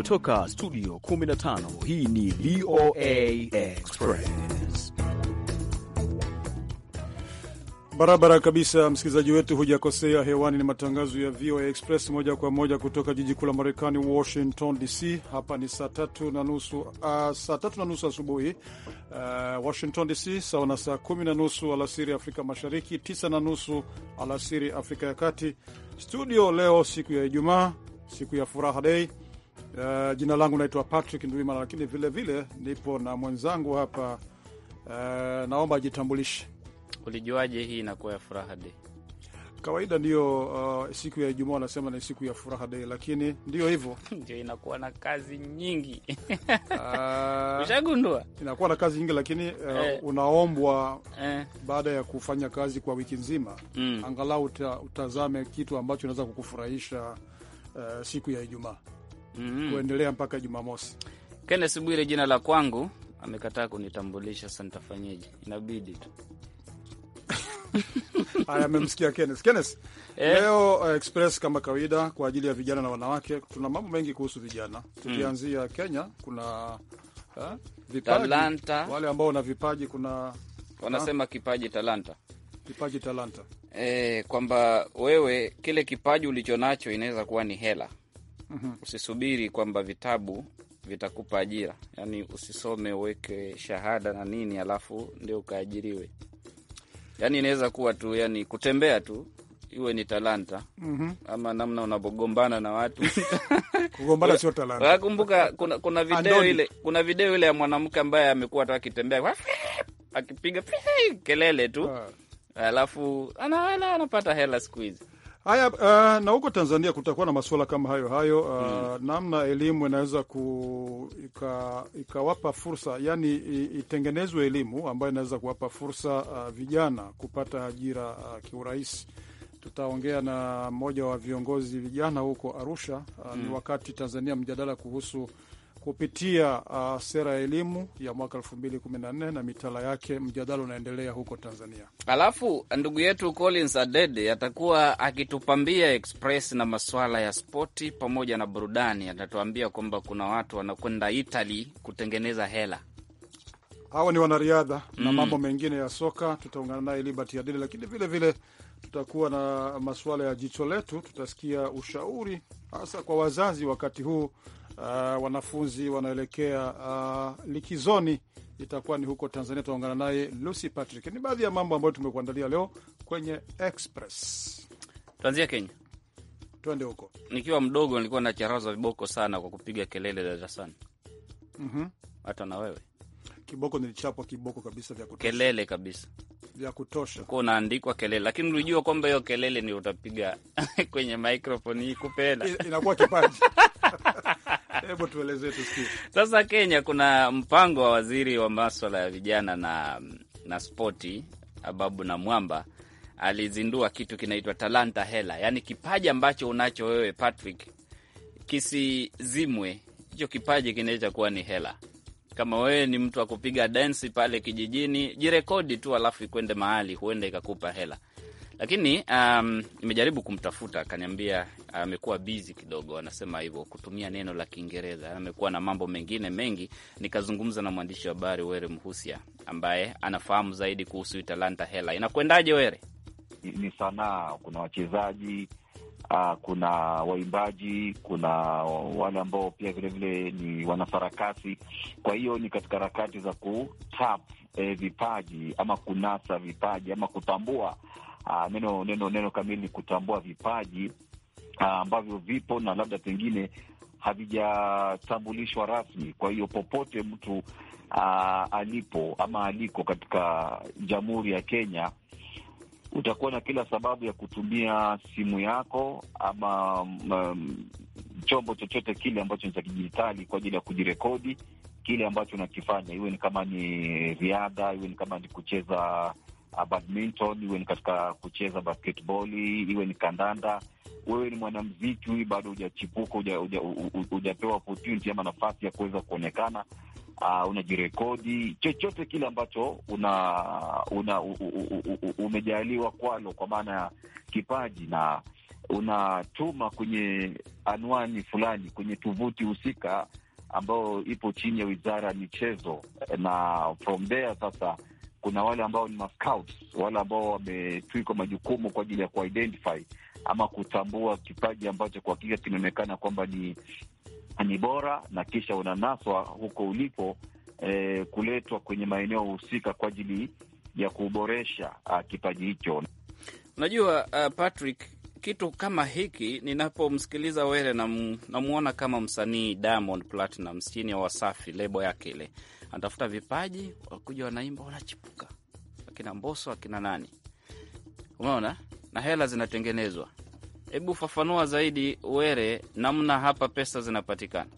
Kutoka studio 15 hii ni VOA Express barabara kabisa, msikilizaji wetu, hujakosea. Hewani ni matangazo ya VOA Express moja kwa moja kutoka jiji kuu la Marekani, Washington DC. Hapa ni saa tatu na nusu, uh, saa tatu na nusu asubuhi uh, Washington DC, sawa na saa kumi na nusu alasiri Afrika Mashariki, tisa na nusu alasiri Afrika ya Kati. Studio leo siku ya Ijumaa, siku ya furaha dei Uh, jina langu naitwa Patrick Ndwimana, lakini vilevile nipo na mwenzangu hapa uh, naomba ajitambulishe. Ulijuaje hii inakuwa ya furaha dei? Kawaida ndiyo, uh, siku ya Ijumaa wanasema ni siku ya furaha de lakini ndio hivyo ndio inakuwa na kazi nyingi uh, ushagundua inakuwa na kazi nyingi, lakini uh, eh, unaombwa eh, baada ya kufanya kazi kwa wiki nzima mm, angalau uta, utazame kitu ambacho unaweza kukufurahisha uh, siku ya Ijumaa mm. kuendelea mpaka Jumamosi. Kennes Bwire jina la kwangu, amekataa kunitambulisha. Sasa nitafanyeje? Inabidi tu Haya, amemsikia Kenneth. Kenneth, eh, leo uh, Express kama kawaida kwa ajili ya vijana na wanawake, tuna mambo mengi kuhusu vijana mm. tukianzia mm. Kenya kuna uh, vipaji talanta. Wale ambao wana vipaji kuna wanasema uh, kipaji talanta, kipaji talanta eh, kwamba wewe kile kipaji ulicho nacho inaweza kuwa ni hela -hmm. Usisubiri kwamba vitabu vitakupa ajira, yaani usisome uweke shahada na nini alafu ndio ukaajiriwe. Yaani inaweza kuwa tu, yani kutembea tu iwe ni talanta mm -hmm. Ama namna unavyogombana na watu kugombana sio talanta. Nakumbuka kuna, kuna video ile kuna video ile ya mwanamke ambaye amekuwa tu akitembea akipiga kelele tu, ah. alafu ana, anapata hela siku hizi Haya, uh, na huko Tanzania kutakuwa na masuala kama hayo hayo, uh, mm. namna elimu inaweza ikawapa ika fursa, yani itengenezwe elimu ambayo inaweza kuwapa fursa uh, vijana kupata ajira uh, kiurahisi. Tutaongea na mmoja wa viongozi vijana huko Arusha uh, mm. ni hmm. wakati Tanzania mjadala kuhusu kupitia uh, sera ya elimu ya mwaka elfu mbili kumi na nne na mitala yake. Mjadala unaendelea huko Tanzania. Alafu ndugu yetu Collins Adede atakuwa akitupambia express na maswala ya spoti pamoja na burudani. Atatuambia kwamba kuna watu wanakwenda Itali kutengeneza hela hawa ni wanariadha mm, na mambo mengine ya soka tutaungana naye Liberty Adede, lakini vile vile tutakuwa na masuala ya jicho letu, tutasikia ushauri hasa kwa wazazi wakati huu uh, wanafunzi wanaelekea uh, likizoni. Itakuwa ni huko Tanzania. Tunaungana naye Lucy Patrick. Ni baadhi ya mambo ambayo tumekuandalia leo kwenye Express. Tuanzia Kenya, tuende huko. Nikiwa mdogo nilikuwa nacharaza viboko sana kwa kupiga kelele darasani. mm -hmm. Hata na wewe kiboko nilichapwa kiboko kabisa, vya kutosha, kelele kabisa vya kutosha, kuwa unaandikwa kelele, lakini ulijua kwamba hiyo kelele ni utapiga kwenye microphone kupenda inakuwa kipaji Hebu tueleze tusikie. Sasa Kenya kuna mpango wa waziri wa maswala ya vijana na, na spoti Ababu na Mwamba alizindua kitu kinaitwa talanta hela, yaani kipaji ambacho unacho wewe Patrick kisizimwe. Hicho kipaji kinaweza kuwa ni hela. Kama wewe ni mtu wa kupiga densi pale kijijini, jirekodi tu, alafu ikwende mahali, huenda ikakupa hela lakini um, nimejaribu kumtafuta akaniambia amekuwa uh, bizi kidogo, anasema hivyo kutumia neno la Kiingereza, amekuwa na mambo mengine mengi. Nikazungumza na mwandishi wa habari Were Mhusia ambaye anafahamu zaidi kuhusu Italanta hela inakwendaje. Were, ni sanaa, kuna wachezaji uh, kuna waimbaji, kuna wale ambao pia vilevile ni wanasarakasi. Kwa hiyo ni katika harakati za kutap eh, vipaji ama kunasa vipaji ama kutambua uh, neno neno neno kamili ni kutambua vipaji ah, ambavyo vipo na labda pengine havijatambulishwa rasmi. Kwa hiyo popote mtu uh, alipo ama aliko katika Jamhuri ya Kenya utakuwa na kila sababu ya kutumia simu yako ama um, chombo chochote kile ambacho ni cha kidijitali kwa ajili ya kujirekodi kile ambacho unakifanya, iwe ni kama ni riadha, iwe ni kama ni kucheza Uh, badminton, iwe ni katika kucheza basketboli, iwe ni kandanda. Wewe ni mwanamziki hui bado hujachipuka, hujapewa opportunity ama nafasi ya kuweza kuonekana, uh, unajirekodi chochote kile ambacho una, una umejaliwa kwalo, kwa maana ya kipaji na unatuma kwenye anwani fulani kwenye tovuti husika ambayo ipo chini ya wizara ya michezo, na from there sasa kuna wale ambao ni mascouts, wale ambao wametwikwa majukumu kwa ajili ya kuidentify ama kutambua kipaji ambacho kwa hakika kinaonekana kwamba ni, ni bora na kisha unanaswa huko ulipo eh, kuletwa kwenye maeneo husika kwa ajili ya kuboresha uh, kipaji hicho. Unajua uh, Patrick, kitu kama hiki ninapomsikiliza Were namwona kama msanii Diamond Platinum chini ya Wasafi lebo yake ile anatafuta vipaji, wakuja wanaimba, wanachipuka akina Mboso akina nani, umeona na hela zinatengenezwa. Hebu fafanua zaidi Were, namna hapa pesa zinapatikana.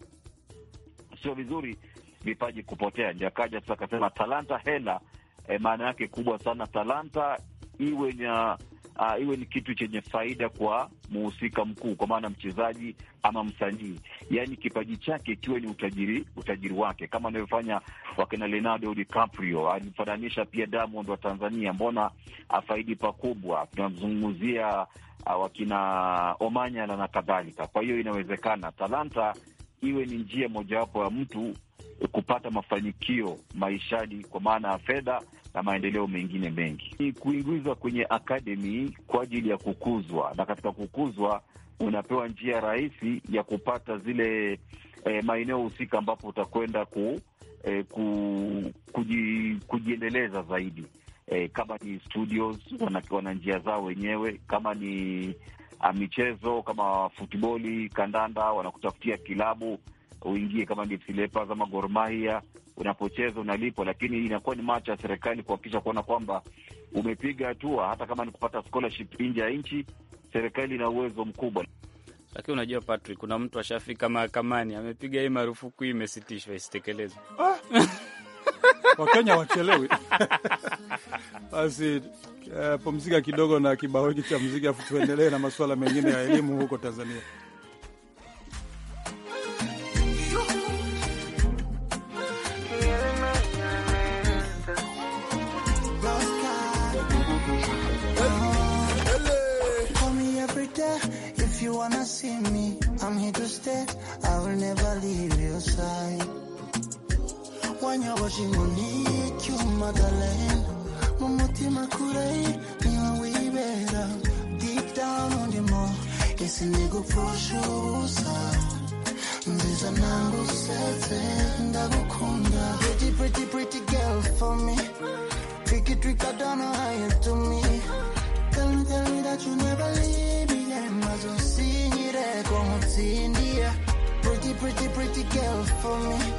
Sio vizuri vipaji kupotea, ndio akaja sasa akasema talanta, hela. E, maana yake kubwa sana talanta iwe na uh, iwe ni kitu chenye faida kwa muhusika mkuu, kwa maana mchezaji ama msanii, yaani kipaji chake kiwe ni utajiri utajiri wake, kama anavyofanya wakina Leonardo DiCaprio. Alimfananisha pia Diamond wa Tanzania, mbona afaidi pakubwa. Tunamzungumzia uh, wakina Omanyala na kadhalika. Kwa hiyo inawezekana talanta iwe ni njia mojawapo ya mtu kupata mafanikio maishani kwa maana ya fedha na maendeleo mengine mengi. Ni kuingizwa kwenye akademi kwa ajili ya kukuzwa, na katika kukuzwa unapewa njia rahisi ya kupata zile eh, maeneo husika ambapo utakwenda ku, eh, ku, kuji, kujiendeleza zaidi eh, kama ni studios wana njia zao wenyewe, kama ni ah, michezo kama futiboli, kandanda, wanakutafutia kilabu uingie, kama ni FC ama Gor Mahia, unapocheza unalipwa, lakini inakuwa ni macho ya serikali kuhakikisha kuona kwamba umepiga hatua, hata kama ni kupata scholarship nje ya nchi. Serikali ina uwezo mkubwa, lakini unajua Patrick, kuna mtu ashafika mahakamani amepiga hii marufuku, hii imesitishwa, isitekelezwe. Ah, Wakenya wachelewi basi. Uh, pumzika kidogo na kibao hiki cha muziki, afu tuendelee na masuala mengine ya elimu huko Tanzania. wanna see me, I'm here to stay. I will never leave your side. When you're watching on it, you Madeleine. Mumutima kurei, niwa wibera. Deep down on the more, yes, nigo proshusa. Nziza nangu sete, ndagukunda. Pretty, pretty, pretty girl for me. Tricky, trick, I don't know how you do me. Tell me, tell me that you never leave me mazo sinyire kwa mutsindia pretty pretty pretty girl for me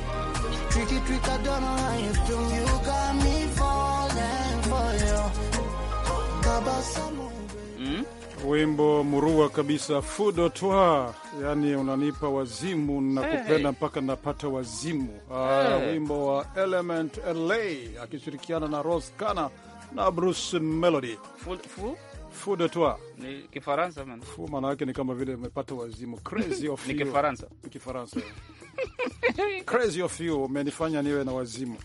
tricky tricky I don't know how you do you got me falling for you kaba samu hmm? Wimbo murua kabisa fudotwa, yani unanipa wazimu na kupenda hey, mpaka napata wazimu ah, hey. Uh, wimbo wa Element LA akishirikiana na Rose Kana na Bruce Melody Full, full? Fou de toi. Ni Kifaransa man. Fou maana yake ni kama vile umepata wazimu. Crazy of you. Ni Kifaransa. Ni Kifaransa. Crazy of you umenifanya niwe na wazimu.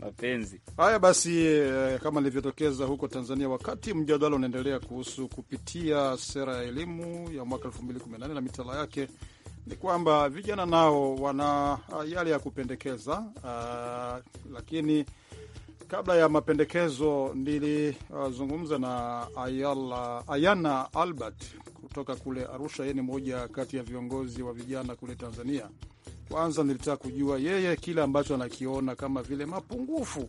Mapenzi. Haya basi eh, kama nilivyotokeza huko Tanzania wakati mjadala unaendelea kuhusu kupitia sera ya elimu ya mwaka 2018 na mitala yake ni kwamba vijana nao wana ah, yale ya kupendekeza uh, lakini kabla ya mapendekezo nilizungumza uh, na Ayala, Ayana Albert kutoka kule Arusha. Yeye ni moja kati ya viongozi wa vijana kule Tanzania. Kwanza nilitaka kujua yeye kile ambacho anakiona kama vile mapungufu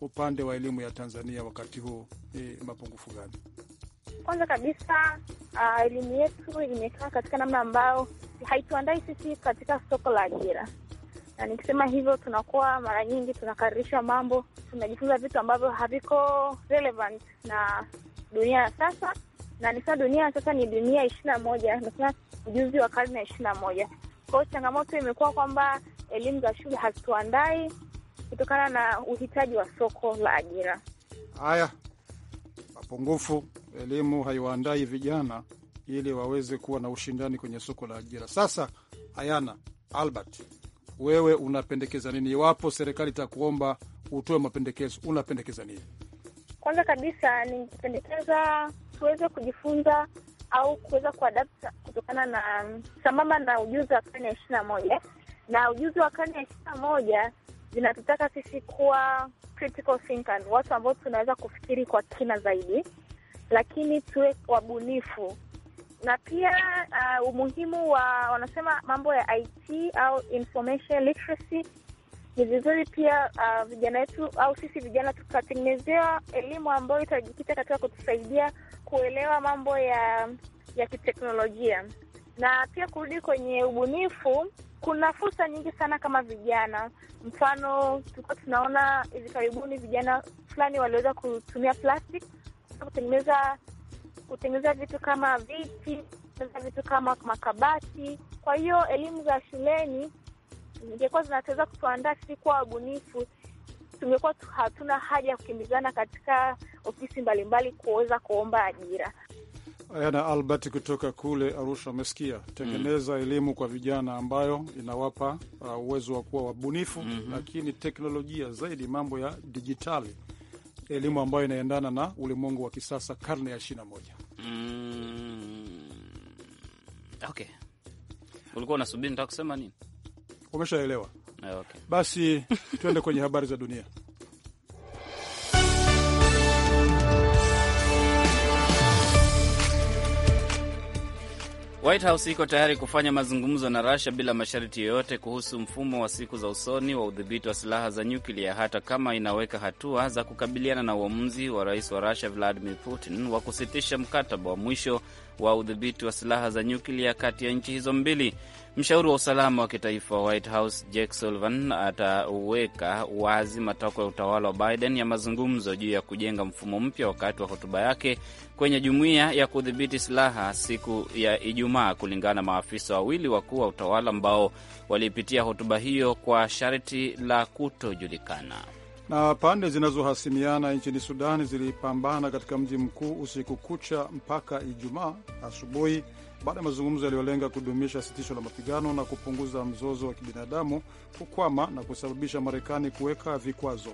upande wa elimu ya Tanzania wakati huu ni mapungufu gani? Kwanza kabisa ah, elimu uh, yetu imekaa katika namna ambayo haituandai sisi katika soko la ajira na nikisema hivyo, tunakuwa mara nyingi tunakaririshwa mambo, tunajifunza vitu ambavyo haviko relevant na dunia ya sasa, na nikisema dunia ya sasa ni dunia ishirini na moja, nasema ujuzi wa karne ya ishirini na moja. Kwa hiyo changamoto imekuwa kwamba elimu za shule hazituandai kutokana na uhitaji wa soko la ajira. Haya mapungufu, elimu haiwaandai vijana ili waweze kuwa na ushindani kwenye soko la ajira. Sasa hayana Albert wewe unapendekeza nini? Iwapo serikali itakuomba utoe mapendekezo, unapendekeza nini? Kwanza kabisa ningependekeza tuweze kujifunza au kuweza kuadapta kutokana na sambamba na ujuzi wa karne ya ishirini na moja na ujuzi wa karne ya ishirini na moja zinatutaka sisi kuwa critical watu ambao tunaweza kufikiri kwa kina zaidi, lakini tuwe wabunifu na pia uh, umuhimu wa wanasema mambo ya IT au information literacy ni vizuri pia uh, vijana wetu au sisi vijana tukatengenezewa elimu ambayo itajikita katika kutusaidia kuelewa mambo ya ya kiteknolojia. Na pia kurudi kwenye ubunifu, kuna fursa nyingi sana kama vijana. Mfano, tulikuwa tunaona hivi karibuni vijana fulani waliweza kutumia plastic kutengeneza kutengeneza vitu kama viti, kutengeneza vitu kama makabati. Kwa hiyo elimu za shuleni zingekuwa zinaweza kutuandaa sisi kuwa wabunifu, tungekuwa hatuna haja ya kukimbizana katika ofisi mbalimbali kuweza kuomba ajira. Ana Albert kutoka kule Arusha umesikia tengeneza mm. elimu kwa vijana ambayo inawapa uh, uwezo uh, wa kuwa wabunifu mm -hmm. Lakini teknolojia zaidi, mambo ya dijitali, elimu ambayo inaendana na ulimwengu wa kisasa, karne ya ishirini na moja. Mm, okay. Ulikuwa unasubiri nitakusema nini? Umeshaelewa. Ah, okay. Basi twende kwenye habari za dunia. White House iko tayari kufanya mazungumzo na Russia bila masharti yoyote kuhusu mfumo wa siku za usoni wa udhibiti wa silaha za nyuklia, hata kama inaweka hatua za kukabiliana na uamuzi wa rais wa Russia Vladimir Putin wa kusitisha mkataba wa mwisho wa udhibiti wa silaha za nyuklia kati ya nchi hizo mbili. Mshauri wa usalama wa kitaifa White House Jake Sullivan ataweka wazi matakwa ya utawala wa Biden ya mazungumzo juu ya kujenga mfumo mpya wakati wa hotuba yake kwenye jumuiya ya kudhibiti silaha siku ya Ijumaa, kulingana na maafisa wawili wakuu wa utawala ambao waliipitia hotuba hiyo kwa sharti la kutojulikana. Na pande zinazohasimiana nchini Sudan zilipambana katika mji mkuu usiku kucha mpaka Ijumaa asubuhi baada ya mazungumzo yaliyolenga kudumisha sitisho la mapigano na kupunguza mzozo wa kibinadamu kukwama na kusababisha Marekani kuweka vikwazo.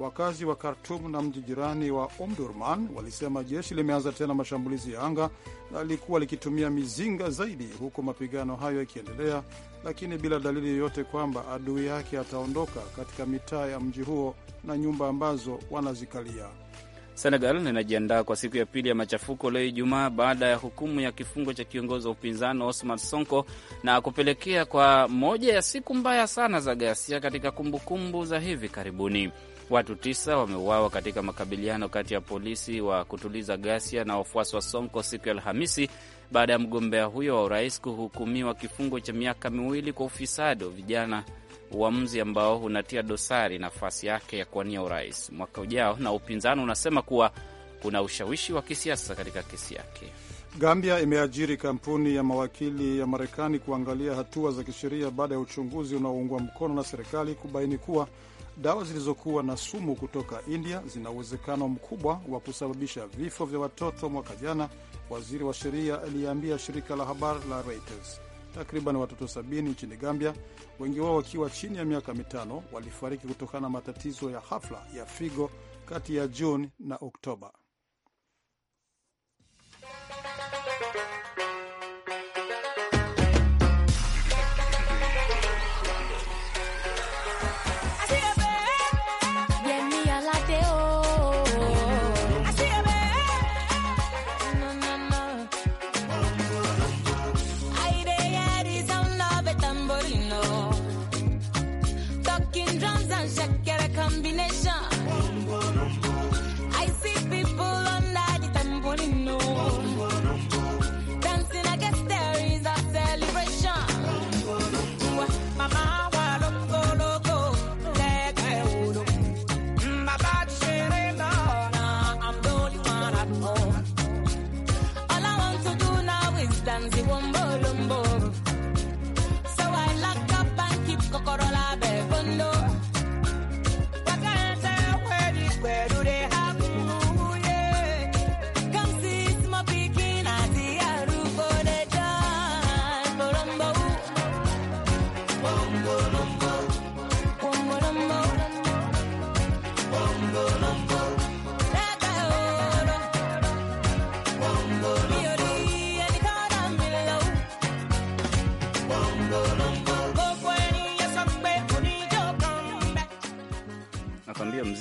Wakazi wa Khartum na mji jirani wa Omdurman walisema jeshi limeanza tena mashambulizi ya anga na lilikuwa likitumia mizinga zaidi, huku mapigano hayo yakiendelea, lakini bila dalili yoyote kwamba adui yake ataondoka katika mitaa ya mji huo na nyumba ambazo wanazikalia. Senegal linajiandaa kwa siku ya pili ya machafuko leo Ijumaa baada ya hukumu ya kifungo cha kiongozi wa upinzani Osman Sonko na kupelekea kwa moja ya siku mbaya sana za ghasia katika kumbukumbu za hivi karibuni. Watu tisa wameuawa katika makabiliano kati ya polisi wa kutuliza ghasia na wafuasi wa Sonko siku ya Alhamisi baada ya mgombea huyo wa urais kuhukumiwa kifungo cha miaka miwili kwa ufisadi wa vijana, uamuzi ambao unatia dosari nafasi yake ya kuwania urais mwaka ujao, na upinzani unasema kuwa kuna ushawishi wa kisiasa katika kesi yake. Gambia imeajiri kampuni ya mawakili ya Marekani kuangalia hatua za kisheria baada ya uchunguzi unaoungwa mkono na serikali kubaini kuwa dawa zilizokuwa na sumu kutoka India zina uwezekano mkubwa wa kusababisha vifo vya watoto mwaka jana, waziri wa sheria aliyeambia shirika la habari la Reuters. Takriban watoto sabini nchini Gambia, wengi wao wakiwa chini ya miaka mitano, walifariki kutokana na matatizo ya hafla ya figo kati ya Juni na Oktoba.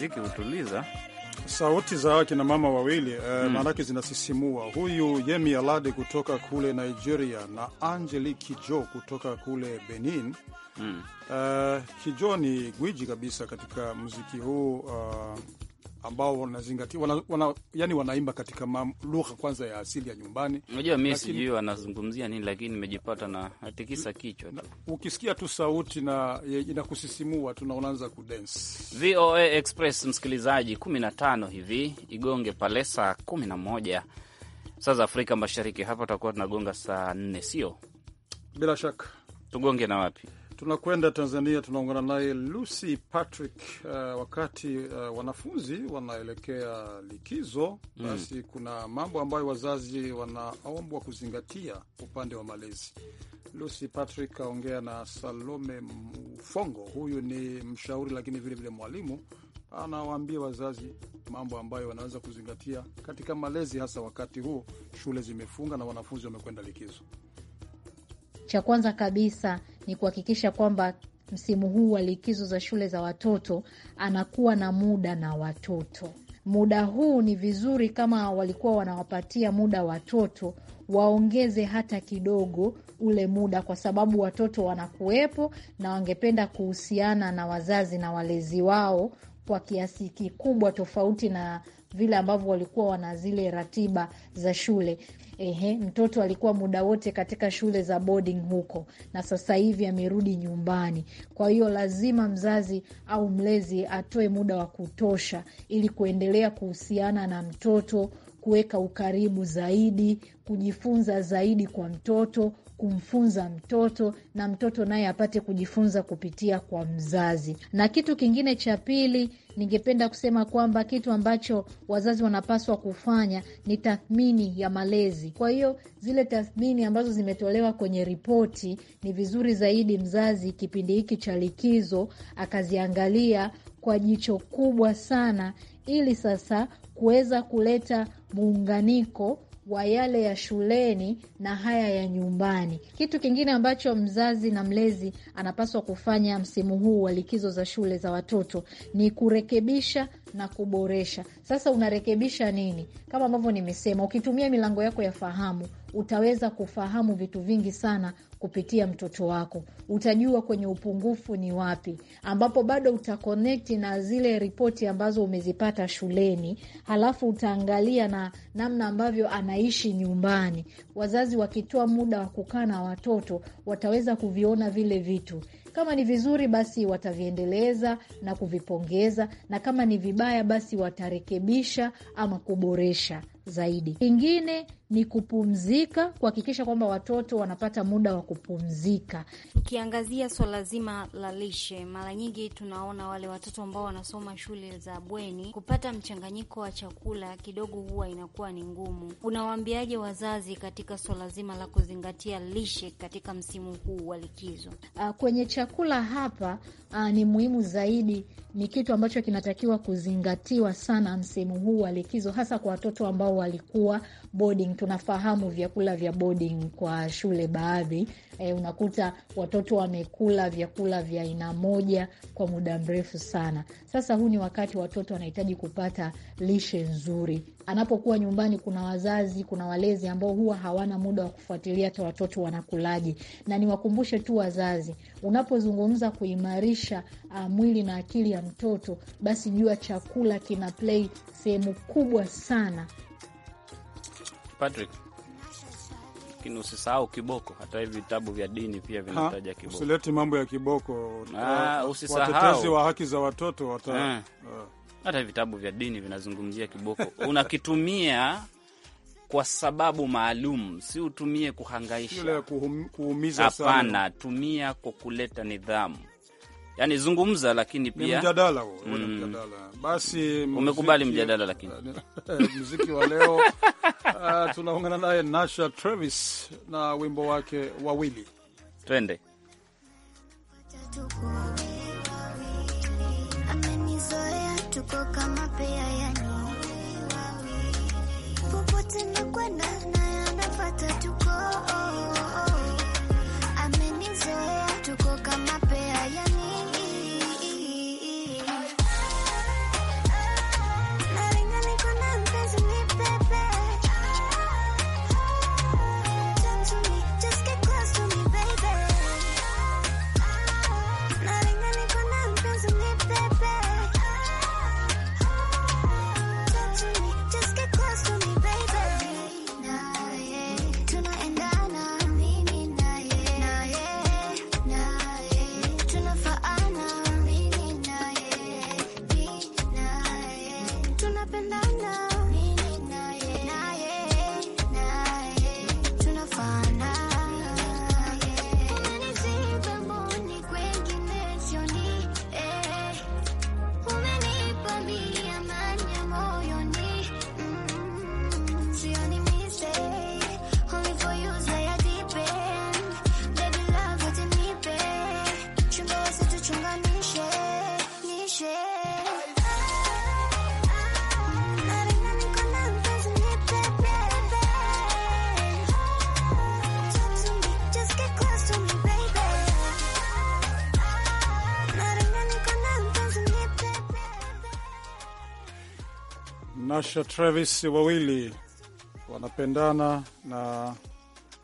muziki hutuliza sauti za kina mama wawili eh, hmm. maanake zinasisimua. Huyu Yemi Alade kutoka kule Nigeria na angeli Kijo kutoka kule Benin mm. eh, Kijo ni gwiji kabisa katika muziki huu uh, ambao wanazingatia wana, wana, yani wanaimba katika lugha kwanza ya asili ya nyumbani. Unajua mi sijui wanazungumzia nini, lakini nimejipata na atikisa kichwa tu, ukisikia tu sauti na inakusisimua tu na unaanza kudensi. VOA Express msikilizaji, 15 hivi igonge pale saa 11 saa za Afrika Mashariki, hapa tutakuwa tunagonga saa 4, sio bila shaka tugonge na wapi? Tunakwenda Tanzania, tunaungana naye Lucy Patrick. Uh, wakati uh, wanafunzi wanaelekea likizo, mm. basi kuna mambo ambayo wazazi wanaombwa kuzingatia upande wa malezi. Lucy Patrick aongea na Salome Mfongo, huyu ni mshauri lakini vilevile mwalimu, anawaambia wazazi mambo ambayo wanaweza kuzingatia katika malezi, hasa wakati huu shule zimefunga na wanafunzi wamekwenda likizo. Cha kwanza kabisa ni kuhakikisha kwamba msimu huu wa likizo za shule za watoto anakuwa na muda na watoto. Muda huu ni vizuri kama walikuwa wanawapatia muda watoto, waongeze hata kidogo ule muda, kwa sababu watoto wanakuwepo na wangependa kuhusiana na wazazi na walezi wao kwa kiasi kikubwa, tofauti na vile ambavyo walikuwa wana zile ratiba za shule ehe, mtoto alikuwa muda wote katika shule za boarding huko, na sasa hivi amerudi nyumbani. Kwa hiyo lazima mzazi au mlezi atoe muda wa kutosha ili kuendelea kuhusiana na mtoto, kuweka ukaribu zaidi, kujifunza zaidi kwa mtoto, kumfunza mtoto na mtoto naye apate kujifunza kupitia kwa mzazi. Na kitu kingine cha pili, ningependa kusema kwamba kitu ambacho wazazi wanapaswa kufanya ni tathmini ya malezi. Kwa hiyo zile tathmini ambazo zimetolewa kwenye ripoti, ni vizuri zaidi mzazi kipindi hiki cha likizo akaziangalia kwa jicho kubwa sana, ili sasa kuweza kuleta muunganiko wa yale ya shuleni na haya ya nyumbani. Kitu kingine ambacho mzazi na mlezi anapaswa kufanya msimu huu wa likizo za shule za watoto ni kurekebisha na kuboresha. Sasa unarekebisha nini? Kama ambavyo nimesema, ukitumia milango yako ya fahamu utaweza kufahamu vitu vingi sana kupitia mtoto wako. Utajua kwenye upungufu ni wapi, ambapo bado utakonekti na zile ripoti ambazo umezipata shuleni, halafu utaangalia na namna ambavyo anaishi nyumbani. Wazazi wakitoa muda wa kukaa na watoto, wataweza kuviona vile vitu. Kama ni vizuri, basi wataviendeleza na kuvipongeza, na kama ni vibaya, basi watarekebisha ama kuboresha zaidi. Kingine ni kupumzika, kuhakikisha kwamba watoto wanapata muda wa kupumzika. Ukiangazia swala zima la lishe, mara nyingi tunaona wale watoto ambao wanasoma shule za bweni, kupata mchanganyiko wa chakula kidogo huwa inakuwa ni ngumu. Unawaambiaje wazazi katika swala zima la kuzingatia lishe katika msimu huu wa likizo? Ah, kwenye cha chakula hapa uh, ni muhimu zaidi, ni kitu ambacho kinatakiwa kuzingatiwa sana msimu huu wa likizo, hasa kwa watoto ambao walikuwa boarding. Tunafahamu vyakula vya boarding kwa shule baadhi, e, unakuta watoto wamekula vyakula vya aina moja kwa muda mrefu sana. Sasa huu ni wakati watoto wanahitaji kupata lishe nzuri. Anapokuwa nyumbani, kuna wazazi, kuna walezi ambao huwa hawana muda wa kufuatilia hata watoto wanakulaje. Na niwakumbushe tu wazazi, unapozungumza kuimarisha uh, mwili na akili ya mtoto, basi jua chakula kina play sehemu kubwa sana Patrick, lakini usisahau kiboko. Hata hivi vitabu vya dini pia vinataja kiboko. Usileti mambo ya kiboko, usisahau watetezi wa haki za watoto wata ha. Eh. Ha. hata vitabu vya dini vinazungumzia kiboko. Unakitumia kwa sababu maalum, si utumie kuhangaisha, kuumiza. Hapana, tumia kwa kuleta nidhamu. Yani zungumza, lakini pia mjadala huo mm. Mjadala basi, umekubali mjadala lakini muziki wa leo tunaungana naye Nasha Travis na wimbo wake wawili, twende tuko kama pea ya Nasha Travis wawili wanapendana na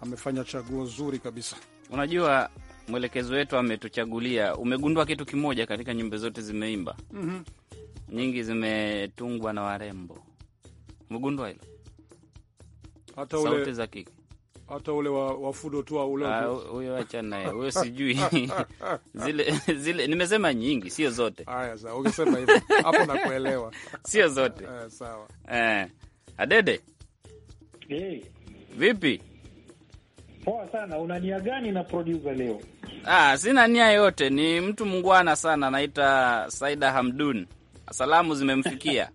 amefanya chaguo zuri kabisa. Unajua, mwelekezo wetu ametuchagulia. Umegundua kitu kimoja, katika nyimbo zote zimeimba mm -hmm. nyingi zimetungwa na warembo. Umegundua hilo? Hata ule, sauti za kike hata ule wa, wa fudo tu au ah, ule huyo, acha naye huyo, sijui zile zile, nimesema nyingi, sio zote. Haya, sawa, ukisema hivyo hapo nakuelewa, sio zote. Eh, sawa. Eh, Adede, hey. Vipi? Poa sana. Una nia gani na producer leo? Ah, sina nia yote, ni mtu mungwana sana, anaita Saida Hamdun. Salamu zimemfikia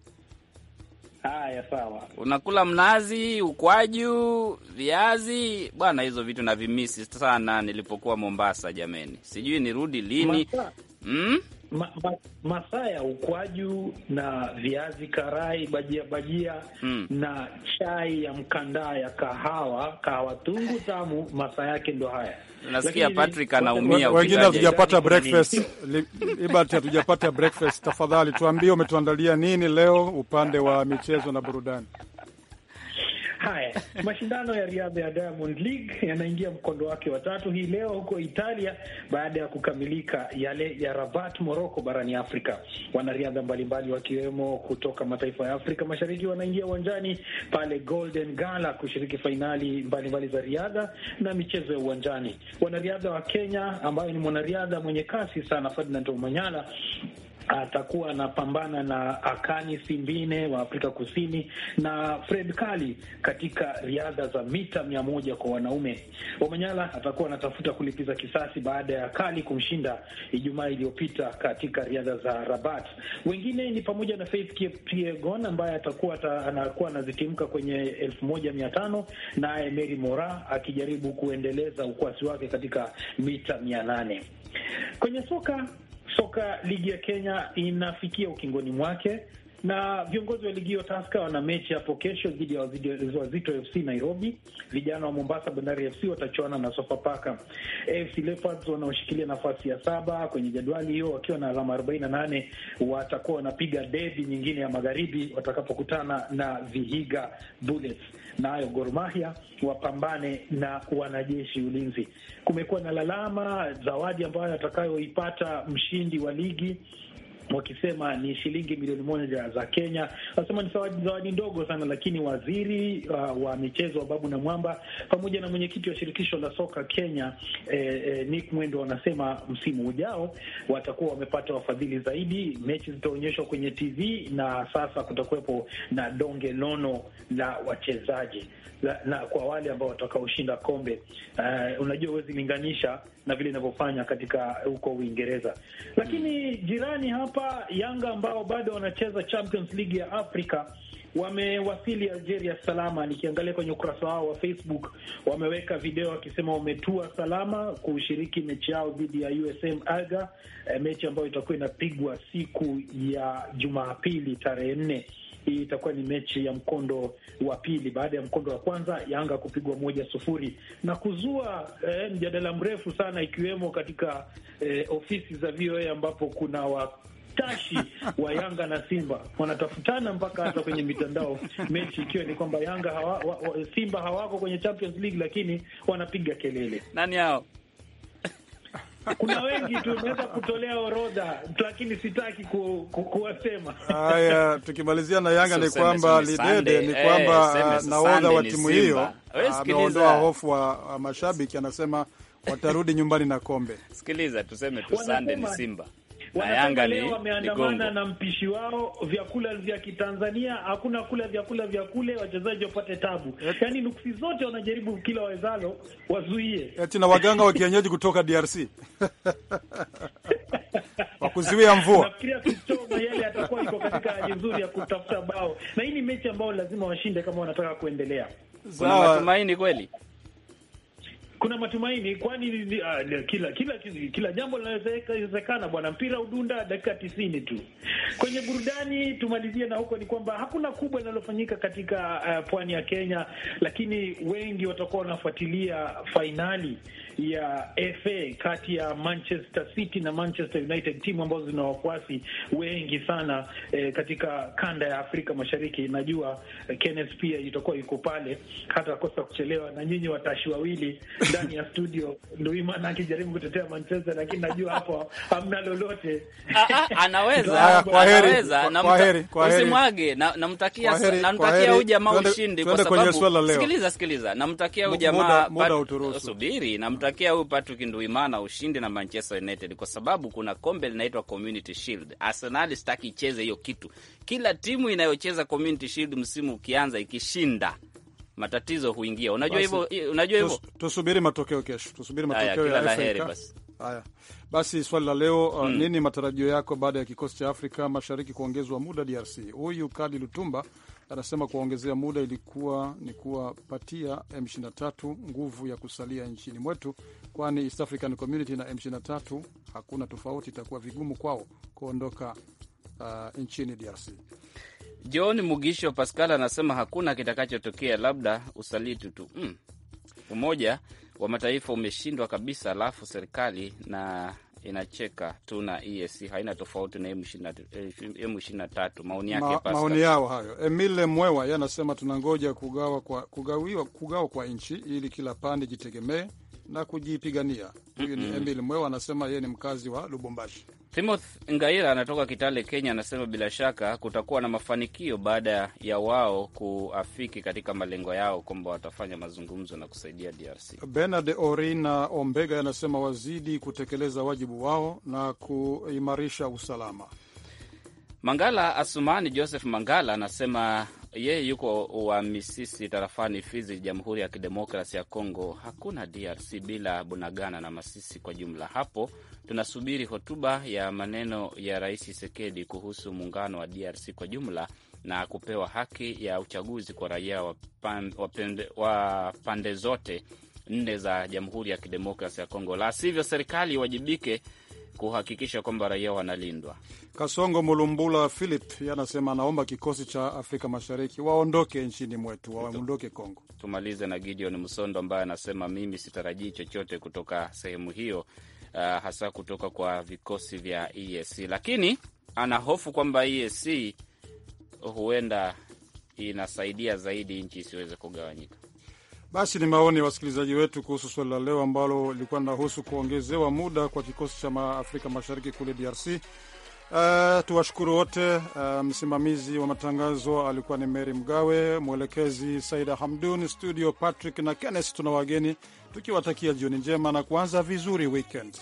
Haya, sawa. Unakula mnazi, ukwaju, viazi bwana, hizo vitu na vimisi sana nilipokuwa Mombasa. Jameni, sijui nirudi lini. Mm? ma, ma, masaa ya ukwaju na viazi karai, bajia bajia mm. na chai ya mkandaa ya kahawa, kahawa tungu tamu, masaa yake ndo haya. Nasikia Patrick anaumia, wengine hatujapata breakfast. hatujapata breakfast. Tafadhali tuambie umetuandalia nini leo upande wa michezo na burudani. Haya, mashindano ya riadha ya Diamond League yanaingia mkondo wake wa tatu hii leo huko Italia baada ya kukamilika yale ya Rabat, Morocco barani Afrika. Wanariadha mbalimbali wakiwemo kutoka mataifa ya Afrika Mashariki wanaingia uwanjani pale Golden Gala kushiriki fainali mbalimbali za riadha na michezo ya uwanjani. Wanariadha wa Kenya ambaye ni mwanariadha mwenye kasi sana Ferdinand Omanyala atakuwa anapambana na Akani Simbine wa Afrika Kusini na Fred Kali katika riadha za mita mia moja kwa wanaume. Omanyala atakuwa anatafuta kulipiza kisasi baada ya Kali kumshinda Ijumaa iliyopita katika riadha za Rabat. Wengine ni pamoja na Faith Kipyegon ambaye atakuwa anakuwa anazitimka kwenye elfu moja mia tano naye Mary Mora akijaribu kuendeleza ukwasi wake katika mita mia nane kwenye soka soka ligi ya Kenya inafikia ukingoni mwake na viongozi wa ligi hiyo Taska wana mechi hapo kesho dhidi ya Wazito FC Nairobi. Vijana wa Mombasa Bandari FC watachuana na Sofapaka. AFC Leopards wanaoshikilia nafasi ya saba kwenye jadwali hiyo wakiwa na alama arobaini na nane watakuwa wanapiga debi nyingine ya magharibi watakapokutana na Vihiga Bullets. Nayo Gor Mahia wapambane na wanajeshi Ulinzi. Kumekuwa na lalama zawadi ambayo atakayoipata mshindi wa ligi wakisema ni shilingi milioni moja za Kenya. Wanasema ni zawadi ndogo sana, lakini waziri uh, wa michezo Babu na Mwamba pamoja na mwenyekiti wa shirikisho la soka Kenya eh, eh, Nick Mwendo wanasema msimu ujao watakuwa wamepata wafadhili zaidi, mechi zitaonyeshwa kwenye TV na sasa kutakuwepo na donge nono la wachezaji la, na kwa wale ambao watakaoshinda kombe uh, unajua huwezi linganisha na vile inavyofanya katika huko Uingereza, lakini jirani hapa hapa Yanga ambao bado wanacheza Champions League ya Afrika wamewasili Algeria salama. Nikiangalia kwenye ukurasa wao wa Facebook wameweka video wakisema wametua salama kushiriki mechi yao dhidi ya USM Alger, eh, mechi ambayo itakuwa inapigwa siku ya Jumapili tarehe nne. Hii itakuwa ni mechi ya mkondo wa pili baada ya mkondo wa kwanza Yanga kupigwa moja sufuri na kuzua eh, mjadala mrefu sana ikiwemo katika eh, ofisi za VOA ambapo kuna wa utashi wa Yanga na Simba wanatafutana mpaka hata kwenye mitandao, mechi ikiwa ni kwamba Yanga hawa, wa, wa, Simba hawako kwenye Champions League, lakini wanapiga kelele. Nani hao? Kuna wengi tu tunaweza kutolea orodha, lakini sitaki ku, ku, kuwasema. Haya, tukimalizia na Yanga so ni kwamba lidede ni eh, kwamba ah, nahodha wa timu hiyo ah, ameondoa hofu wa mashabiki, anasema watarudi nyumbani na kombe. Sikiliza, tuseme tu Sunday ni Simba na Yanga ni wameandamana na mpishi wao, vyakula vya Kitanzania hakuna kula vyakula vya kule, wachezaji wapate tabu. Yaani nuksi zote wanajaribu kila wawezalo wazuie, eti na waganga wa kienyeji kutoka DRC wakuzuia mvua. Nafikiria Kipchoge yale atakuwa iko katika hali nzuri ya kutafuta bao, na hii ni mechi ambayo lazima washinde kama wanataka kuendelea. Kuna matumaini kweli kuna matumaini, kwani uh, kila kila kila jambo linawezekana. Bwana mpira udunda dakika tisini tu. Kwenye burudani tumalizie na huko, ni kwamba hakuna kubwa linalofanyika katika uh, pwani ya Kenya, lakini wengi watakuwa wanafuatilia fainali ya FA kati ya Manchester City na Manchester United, timu ambazo zina wafuasi wengi sana eh, katika kanda ya Afrika Mashariki. Najua eh, Kenneth pia itakuwa yuko pale, hata kosa kuchelewa, na nyinyi watashi wawili ndani ya studio Nduimana akijaribu kutetea Manchester, lakini najua hapo hamna lolote. Ah, ah, anaweza, anaweza, usimwage. Namtakia, namtakia huyu jamaa ushindi kwa sababu, sikiliza, sikiliza, namtakia huyu jamaa, subiri, namtakia tunamtakia huyu Patrick Nduimana ushindi na Manchester United kwa sababu kuna kombe linaitwa Community Shield. Arsenal sitaki icheze hiyo kitu. Kila timu inayocheza Community Shield msimu ukianza, ikishinda matatizo huingia. Unajua hivyo, unajua hivyo. Tusubiri matokeo kesho, tusubiri matokeo ya laheri basi. Haya basi, swali la leo uh, hmm, nini matarajio yako baada ya kikosi cha Afrika Mashariki kuongezwa muda DRC? Huyu Kadi Lutumba anasema kuwaongezea muda ilikuwa ni kuwapatia M23 nguvu ya kusalia nchini mwetu, kwani East African Community na M23 hakuna tofauti, itakuwa vigumu kwao kuondoka uh, nchini DRC. John Mugisho Pascal anasema hakuna kitakachotokea, labda usaliti tu. Mm, Umoja wa Mataifa umeshindwa kabisa, alafu serikali na inacheka tu na EAC haina tofauti na M23. Eh, maoni yake Ma, maoni yao hayo. Emile Mwewa yanasema tunangoja kugawa kwa, kugawiwa, kugawa kwa nchi ili kila pande jitegemee na kujipigania. Huyu ni Emil Mwewa, anasema yeye ni mkazi wa Lubumbashi. Timothy Ngaira anatoka Kitale, Kenya, anasema bila shaka kutakuwa na mafanikio baada ya wao kuafiki katika malengo yao kwamba watafanya mazungumzo na kusaidia DRC. Benard Orina Ombega anasema wazidi kutekeleza wajibu wao na kuimarisha usalama. Mangala Asumani Joseph Mangala anasema yeye yuko Wamisisi tarafani Fizi, Jamhuri ya Kidemokrasi ya Kongo. Hakuna DRC bila Bunagana na Masisi kwa jumla. Hapo tunasubiri hotuba ya maneno ya Rais chisekedi kuhusu muungano wa DRC kwa jumla na kupewa haki ya uchaguzi kwa raia wa, pan, wa, pende, wa pande zote nne za Jamhuri ya Kidemokrasi ya Kongo, la sivyo serikali iwajibike kuhakikisha kwamba raia wanalindwa. Kasongo Mulumbula Philip anasema anaomba kikosi cha Afrika Mashariki waondoke nchini mwetu, waondoke Kongo. Tumalize na Gideon Msondo ambaye anasema mimi sitarajii chochote kutoka sehemu hiyo, uh, hasa kutoka kwa vikosi vya EAC, lakini ana hofu kwamba EAC huenda inasaidia zaidi nchi isiweze kugawanyika. Basi ni maoni ya wasikilizaji wetu kuhusu swali la leo ambalo lilikuwa linahusu kuongezewa muda kwa kikosi cha Afrika Mashariki kule DRC. Uh, eh, tuwashukuru wote. Uh, msimamizi wa matangazo alikuwa ni Mary Mgawe, mwelekezi Saida Hamdun, studio Patrick na Kenneth. Tuna wageni tukiwatakia jioni njema na kuanza vizuri weekend.